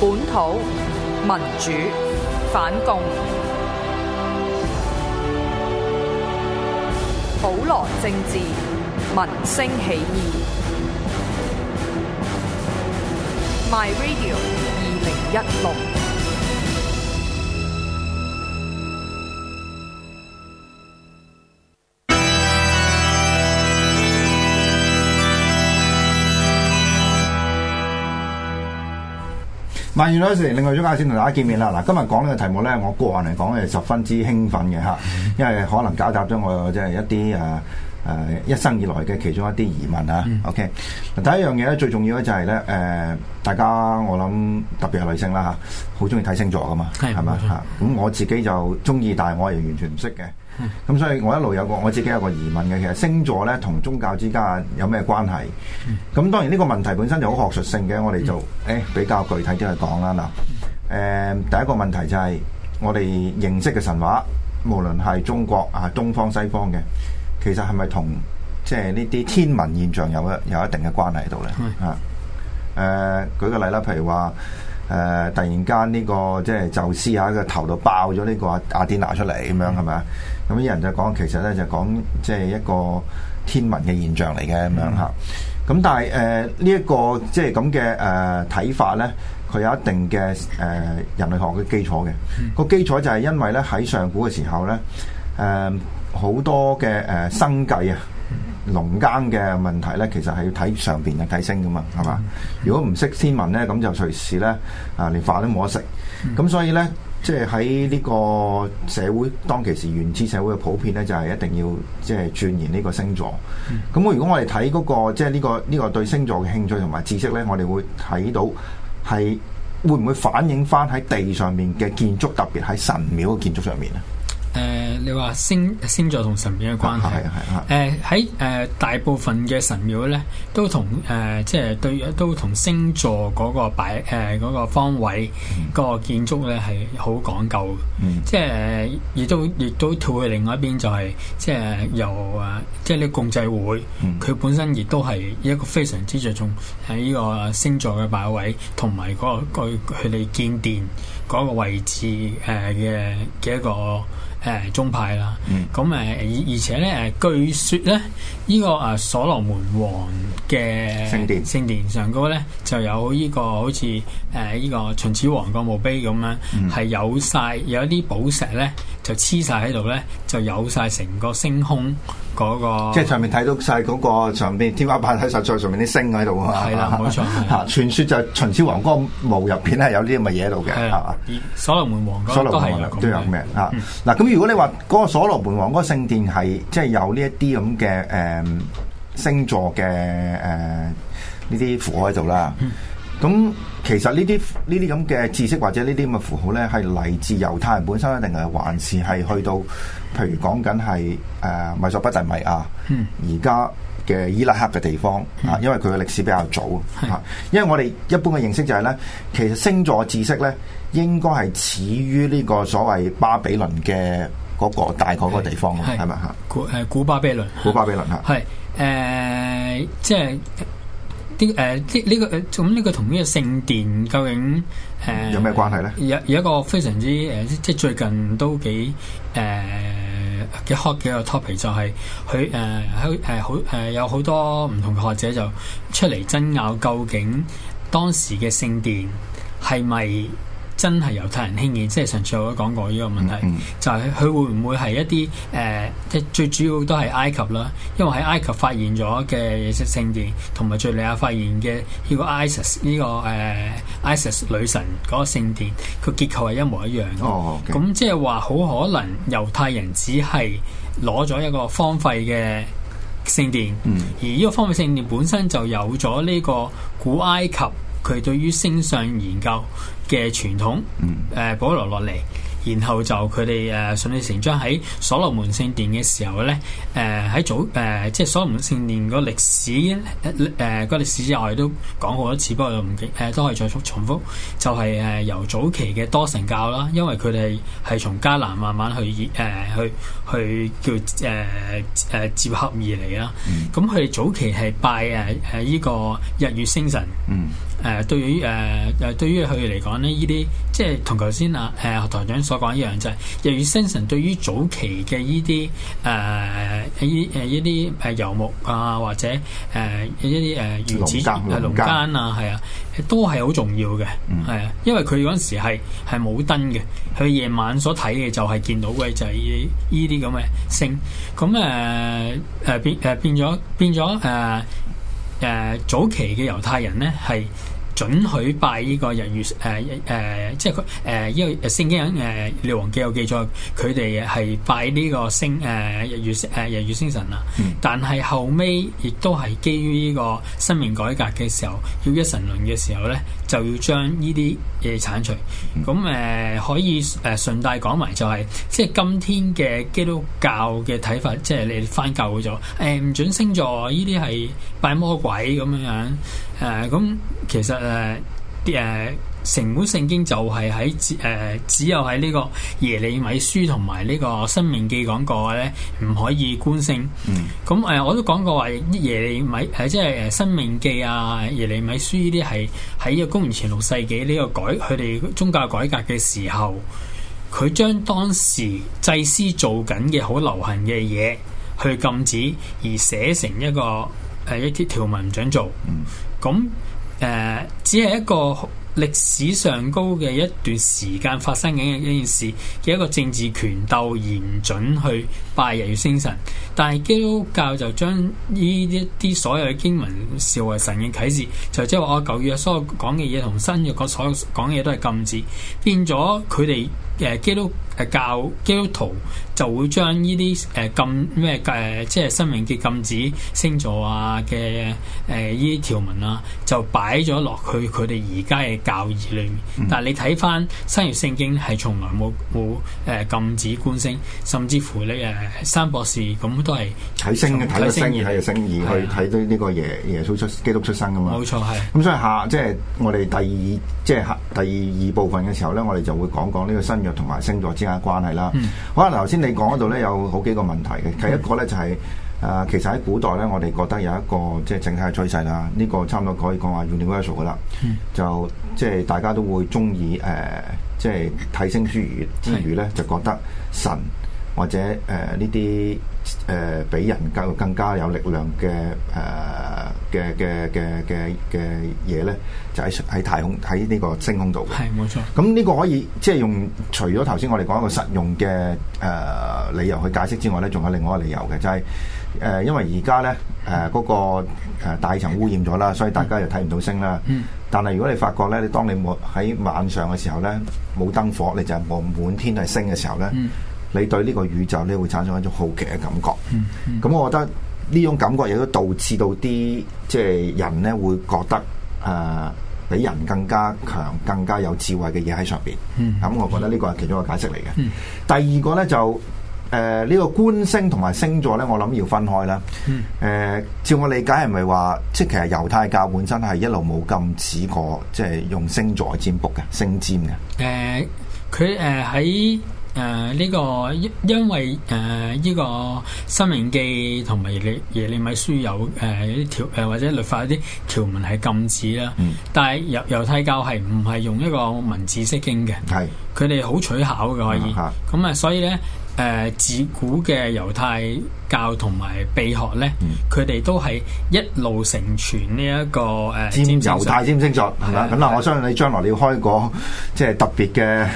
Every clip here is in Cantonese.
本土民主反共，普羅政治民聲起義。My Radio 二零一六。萬緣老師，另外一陣間先同大家見面啦。嗱，今日講呢個題目咧，我個人嚟講咧，十分之興奮嘅吓，因為可能解答咗我即係一啲誒誒一生以來嘅其中一啲疑問啊。嗯、OK，第一樣嘢咧，最重要咧就係咧誒，大家我諗特別係女性啦吓，好中意睇星座噶嘛，係嘛吓。咁吧我自己就中意，但係我係完全唔識嘅。咁、嗯、所以我一路有一個我自己有一個疑問嘅，其實星座咧同宗教之間有咩關係？咁當然呢個問題本身就好學術性嘅，我哋就誒、哎、比較具體啲去講啦嗱。誒，第一個問題就係、是、我哋認識嘅神話，無論係中國啊東方西方嘅，其實係咪同即係呢啲天文現象有有一定嘅關係喺度咧？吓、啊，誒、呃，舉個例啦，譬如話。誒、呃，突然間呢、呢個即係宙斯啊，下頭個頭度爆咗呢個阿雅典娜出嚟咁樣係咪？咁啲人就講，其實咧就講即係一個天文嘅現象嚟嘅咁樣嚇。咁但係誒呢一個即係咁嘅誒睇法咧，佢有一定嘅誒人類學嘅基礎嘅。個、嗯、基礎就係因為咧，喺上古嘅時候咧，誒、呃、好多嘅誒、呃、生計啊。農耕嘅問題呢，其實係要睇上邊嘅睇星噶嘛，係嘛？嗯、如果唔識天文呢，咁就隨時呢啊，連飯都冇得食。咁、嗯、所以呢，即係喺呢個社會當其時原始社會嘅普遍呢，就係、係、一定要即係、就是、鑽研呢個星座。咁我、嗯、如果我哋睇嗰個即係呢個呢、呢個對星座嘅興趣同埋知識呢，我哋會睇到係會唔會反映翻喺地上面嘅建築，特別喺神廟嘅建築上面咧？誒、呃，你話星星座同神廟嘅關係，誒喺誒大部分嘅神廟咧，都同誒即係對，都同星座嗰個擺誒、呃嗰個、方位、嗯、個建築咧係好講究嘅，嗯、即係亦都亦都，亦都跳去另外一邊就係即係由誒，即係啲共濟會，佢、嗯、本身亦都係一個非常之着重喺呢個星座嘅擺位，同埋嗰個佢佢哋建殿嗰個位置誒嘅嘅一個。誒宗、呃、派啦，咁誒、嗯嗯、而且咧誒據說咧，呢、這個啊所羅門王嘅聖殿聖殿上高咧，就有呢、這個好似誒呢個秦始皇個墓碑咁樣，係、嗯、有晒，有啲寶石咧。就黐晒喺度咧，就有晒成個星空嗰個。即係上面睇到晒嗰個，上面天花板睇晒上面啲星喺度啊！係啦，冇錯。吓，傳說就係秦始皇嗰個墓入邊係有啲咁嘅嘢喺度嘅，係嘛？所羅門王嗰個都有咩？吓，嗱，咁如果你話嗰個所羅門王嗰個聖殿係即係有呢一啲咁嘅誒星座嘅誒呢啲符號喺度啦，咁。其實呢啲呢啲咁嘅知識或者呢啲咁嘅符號咧，係嚟自猶太人本身，定係還是係去到譬如講緊係誒米索不達米亞，而家嘅伊拉克嘅地方啊，嗯、因為佢嘅歷史比較早啊。嗯嗯、因為我哋一般嘅認識就係、是、咧，其實星座知識咧應該係始於呢個所謂巴比倫嘅嗰個大港個地方咯，係咪啊？是是古誒古巴比倫，古巴比倫啊，係誒即係。呃呃即啲誒啲呢個誒咁呢個同呢、這個、個聖殿究竟誒、呃、有咩關係咧？有有一個非常之誒即係最近都幾誒幾 hot 嘅一個 topic，就係佢誒喺誒好誒、呃、有好多唔同嘅學者就出嚟爭拗，究竟當時嘅聖殿係咪？真係猶太人興建，即係上次我都講過呢個問題，嗯嗯、就係佢會唔會係一啲誒，即、呃、最主要都係埃及啦。因為喺埃及發現咗嘅嘢式聖殿，同埋敍利亞發現嘅呢個 ISIS 呢 IS、呢個誒、呃、ISIS 女神嗰個聖殿，個結構係一模一樣嘅。咁即係話好可能猶太人只係攞咗一個荒廢嘅聖殿，嗯、而呢個荒廢聖殿本身就有咗呢個古埃及佢對於星象研究嘅傳統，誒、嗯呃、保留落嚟。然後就佢哋誒順理成章喺所羅門聖殿嘅時候咧，誒、呃、喺早誒、呃、即係所羅門聖殿個歷史誒個歷史之外、呃呃、都講好多次，不過唔記誒、呃、都可以再復重複就係、是、誒、呃、由早期嘅多神教啦，因為佢哋係從迦南慢慢去誒、呃、去、呃、去，、呃去呃、叫誒誒、呃、接合而嚟啦。咁佢哋早期係拜誒誒呢個日月星辰，誒、呃、對於誒誒、呃、對於佢嚟講咧，呢啲即係同頭先啊誒學堂長。再講一樣就係，日月星辰對於早期嘅依啲誒，依誒依啲誒遊牧啊，或者誒、呃、一啲誒原始係農間啊，係啊，都係好重要嘅，係啊、嗯，因為佢嗰陣時係冇燈嘅，佢夜晚所睇嘅就係見到嘅就係依啲咁嘅星，咁誒誒變誒變咗變咗誒誒早期嘅猶太人咧係。准許拜呢個日月誒誒、呃啊，即係佢誒，因為《聖經》誒、呃《列王記》有記載，佢哋係拜呢個星誒、呃、日月誒日月星辰啦。但係後尾亦都係基於呢個申命改革嘅時候，要一神論嘅時候咧，就要將呢啲嘢剷除。咁誒、嗯呃、可以誒順帶講埋，就係即係今天嘅基督教嘅睇法，即係你翻教咗誒，唔、哎、准星座，呢啲係拜魔鬼咁樣。誒咁、呃、其實誒啲誒成本聖經就係喺誒只有喺呢個耶利米書同埋呢個申命記講過咧，唔可以觀星。嗯，咁誒、呃、我都講過話耶利米係即係誒申命記啊耶利米書呢啲係喺一個公元前六世紀呢個改佢哋宗教改革嘅時候，佢將當時祭司做緊嘅好流行嘅嘢去禁止而寫成一個誒、呃、一啲條文唔準做。嗯。咁誒、呃，只係一個歷史上高嘅一段時間發生嘅一件事嘅一個政治權鬥，嚴準去拜日月星辰。但係基督教就將呢一啲所有嘅經文視為神嘅啟示，就即係話我舊約所講嘅嘢同新約嗰所講嘅嘢都係禁止，變咗佢哋。誒基督誒教基督徒就會將呢啲誒禁咩，誒即係新約嘅禁止星座啊嘅誒依啲條文啦、啊，就擺咗落去佢哋而家嘅教義裏面。但係你睇翻新約聖經係從來冇冇誒禁止觀星，甚至乎咧誒三博士咁都係睇星嘅，睇星象，睇個星象去睇到呢個耶的耶穌出基督出生咁啊！冇錯，係咁所以下即係、就是、我哋第二即係第，第二部分嘅時候咧，我哋就會講講呢個新約。 同埋星座之間嘅關係啦，嗯、好能，頭先你講嗰度咧有好幾個問題嘅，第一個咧就係、是、誒、呃、其實喺古代咧，我哋覺得有一個即係整體嘅趨勢啦，呢、這個差唔多可以講話 universal 嘅啦，嗯、就即係大家都會中意誒，即係睇星書如之餘咧，就覺得神或者誒呢啲誒比人育更，更加有力量嘅誒。呃嘅嘅嘅嘅嘅嘢咧，就喺、喺、喺太空喺呢個星空度嘅。係冇錯。咁呢個可以即係用除咗頭先我哋講一個實用嘅誒、呃、理由去解釋之外咧，仲有另外一個理由嘅，就係、係、誒、呃、因為而家咧誒嗰個大層污染咗啦，所以大家又睇唔到星啦。嗯、但係如果你發覺咧，你當你冇喺晚上嘅時候咧，冇燈火，你就望滿天係星嘅時候咧，嗯、你對呢個宇宙咧會產生一種好奇嘅感覺。咁、嗯嗯嗯、我覺得。呢種感覺亦都導致到啲即係人咧會覺得誒、呃、比人更加強、更加有智慧嘅嘢喺上邊。嗯，咁、嗯、我覺得呢個係其中一個解釋嚟嘅。嗯、第二個咧就誒呢、呃這個觀星同埋星座咧，我諗要分開啦。誒、呃，照我理解係咪話，即係其實猶太教本身係一路冇禁止過，即、就、係、是、用星座占卜嘅、星占嘅？誒、呃，佢誒喺。誒呢、呃這個因因為誒依、呃這個《申命記》同埋《耶耶利米書》有誒一啲條或者律法一啲條文係禁止啦。嗯。但係猶猶太教係唔係用一個文字釋經嘅？係是。佢哋好取巧嘅可以。咁啊、嗯，所以咧誒、呃、自古嘅猶太。教同埋秘學咧，佢哋都係一路成傳呢一個誒，占猶太占星座係咪咁啊？我相信你將來你要開個即係特別嘅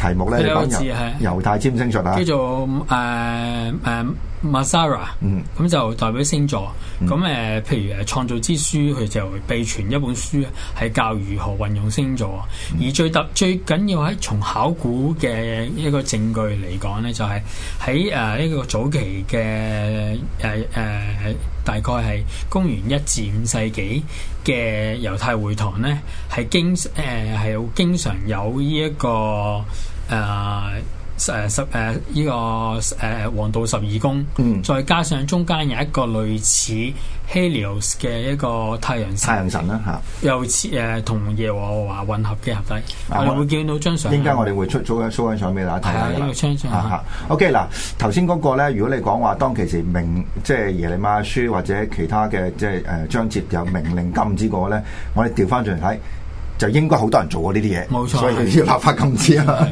題目咧，兩個字係猶太占星座啊，叫做誒誒 Masara，嗯，咁就代表星座。咁誒，譬如誒《創造之書》，佢就秘傳一本書啊，係教如何運用星座。而最特最緊要喺從考古嘅一個證據嚟講咧，就係喺誒呢個早期嘅。誒誒誒，大概係公元一至五世紀嘅猶太會堂咧，係經誒，係、呃、好經常有呢、這、一個誒。呃誒、啊、十誒呢、啊這個誒黃、啊、道十二宮，嗯、再加上中間有一個類似 Helios 嘅一個太陽神太陽神啦吓，又似誒同耶和華混合嘅合體，嗯、我哋會見到張相。一陣我哋會出咗一張相俾大家睇。係呢、啊這個張相。吓，OK 嗱，頭先嗰個咧，如果你講話當其時明，即係耶利米書或者其他嘅即係誒章節有命令禁止過咧，我哋調翻轉嚟睇。就應該好多人做過呢啲嘢，錯所以要立法禁止啊。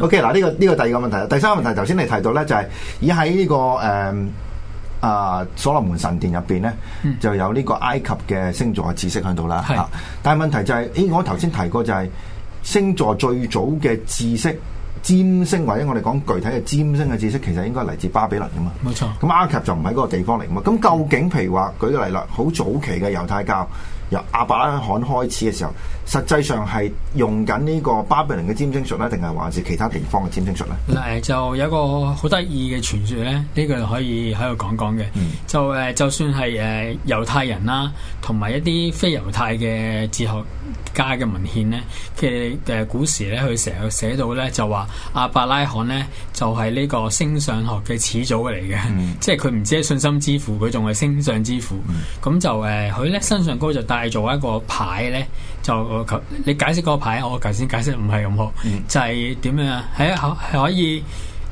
OK，嗱、這、呢個呢、這個第二個問題，第三個問題，頭先你提到咧就係已喺呢個誒啊、呃呃、所羅門神殿入邊咧就有呢個埃及嘅星座嘅知識喺度啦。係的，但係問題就係、是，誒、哎、我頭先提過就係、是、星座最早嘅知識，占星或者我哋講具體嘅占星嘅知識，其實應該係嚟自巴比倫噶嘛。冇錯，咁埃及就唔喺嗰個地方嚟噶嘛。咁究竟譬如話舉個例啦，好早期嘅猶太教。由阿伯拉罕開始嘅時候，實際上係用緊呢個巴比倫嘅占星術咧，定係還是其他地方嘅占星術咧？嗱，就有一個好得意嘅傳說咧，呢、這個可以喺度講講嘅。嗯、就誒，就算係誒猶太人啦、啊，同埋一啲非猶太嘅哲學家嘅文獻咧，嘅誒古時咧，佢成日寫到咧，就話阿伯拉罕咧就係、是、呢個星相學嘅始祖嚟嘅，嗯、即係佢唔止係信心之父，佢仲係星相之父。咁、嗯、就誒，佢、呃、咧身上高就係做一個牌咧，就我你解釋嗰個牌，我頭先解釋唔係咁好，就係、是、點樣啊？係可可以誒、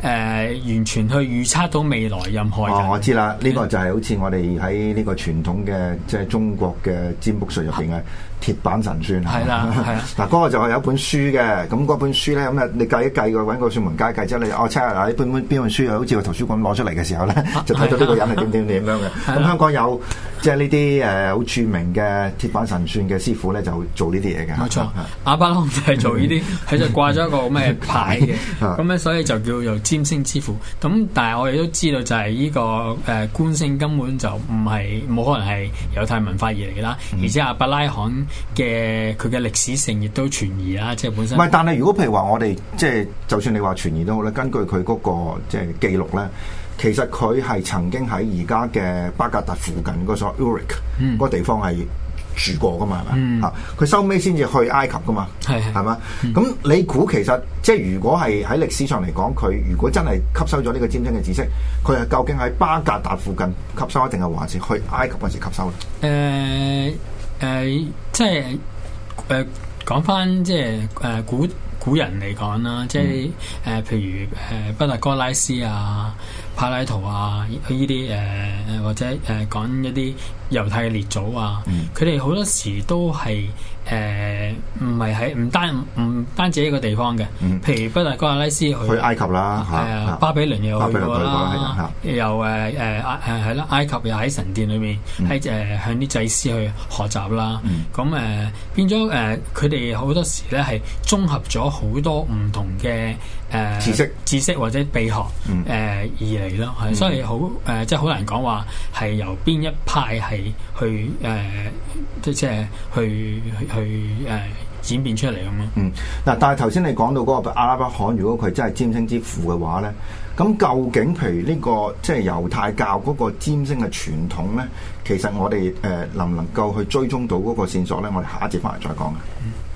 呃、完全去預測到未來任何嘅、哦。我知啦，呢、這個就係好似我哋喺呢個傳統嘅即係中國嘅占卜術入邊嘅鐵板神算。係啦、啊吧，係啦、啊。嗱、啊，嗰 個就係有一本書嘅，咁、那、嗰、個、本書咧咁啊，你計一計個揾個算命家計之後，你哦，猜下嗱，本本邊本書好似個圖書館攞出嚟嘅時候咧， 就睇到呢個人係點點點樣嘅。咁香港有。有即係呢啲誒好著名嘅鐵板神算嘅師傅咧，就會做呢啲嘢嘅。冇錯，是阿巴拉就係做呢啲，佢 就掛咗一個咩牌嘅。咁咧，所以就叫做占星之父。咁但係我哋都知道，就係呢個誒觀星根本就唔係冇可能係猶太文化而嚟啦。嗯、而且阿巴拉罕嘅佢嘅歷史性亦都存疑啦，即係本身。唔係，但係如果譬如話我哋即係就算你話存疑都好啦，根據佢嗰個即係記錄咧。其實佢係曾經喺而家嘅巴格達附近嗰所 Uruk 嗰、嗯、個地方係住過噶嘛，係咪？嚇佢收尾先至去埃及噶嘛，係係嘛？咁吧、嗯、你估其實即係如果係喺歷史上嚟講，佢如果真係吸收咗呢個占星嘅知識，佢係究竟喺巴格達附近吸收定係還是去埃及嗰時吸收咧？誒誒、呃呃，即係誒、呃、講翻即係誒、呃、古古人嚟講啦，即係誒、呃、譬如誒畢、呃、達哥拉斯啊。啊柏拉圖啊，呢啲誒或者誒講一啲猶太嘅列祖啊，佢哋好多時都係誒唔係喺唔單唔單止一個地方嘅，譬如畢達哥拉斯去埃及啦，係啊，巴比倫又去過啦，又誒誒誒係啦，埃及又喺神殿裏面喺誒向啲祭司去學習啦，咁誒變咗誒佢哋好多時咧係綜合咗好多唔同嘅誒知識知識或者秘學誒而嚟咯，係所以好誒、呃，即係好難講話係由邊一派係去誒、呃，即係去去誒展、呃、變出嚟咁咯。嗯，嗱，但係頭先你講到嗰個阿拉伯罕，如果佢真係占星之父嘅話咧，咁究竟譬如呢、這個即係猶太教嗰個占星嘅傳統咧，其實我哋誒、呃、能唔能夠去追蹤到嗰個線索咧？我哋下一節翻嚟再講啊。嗯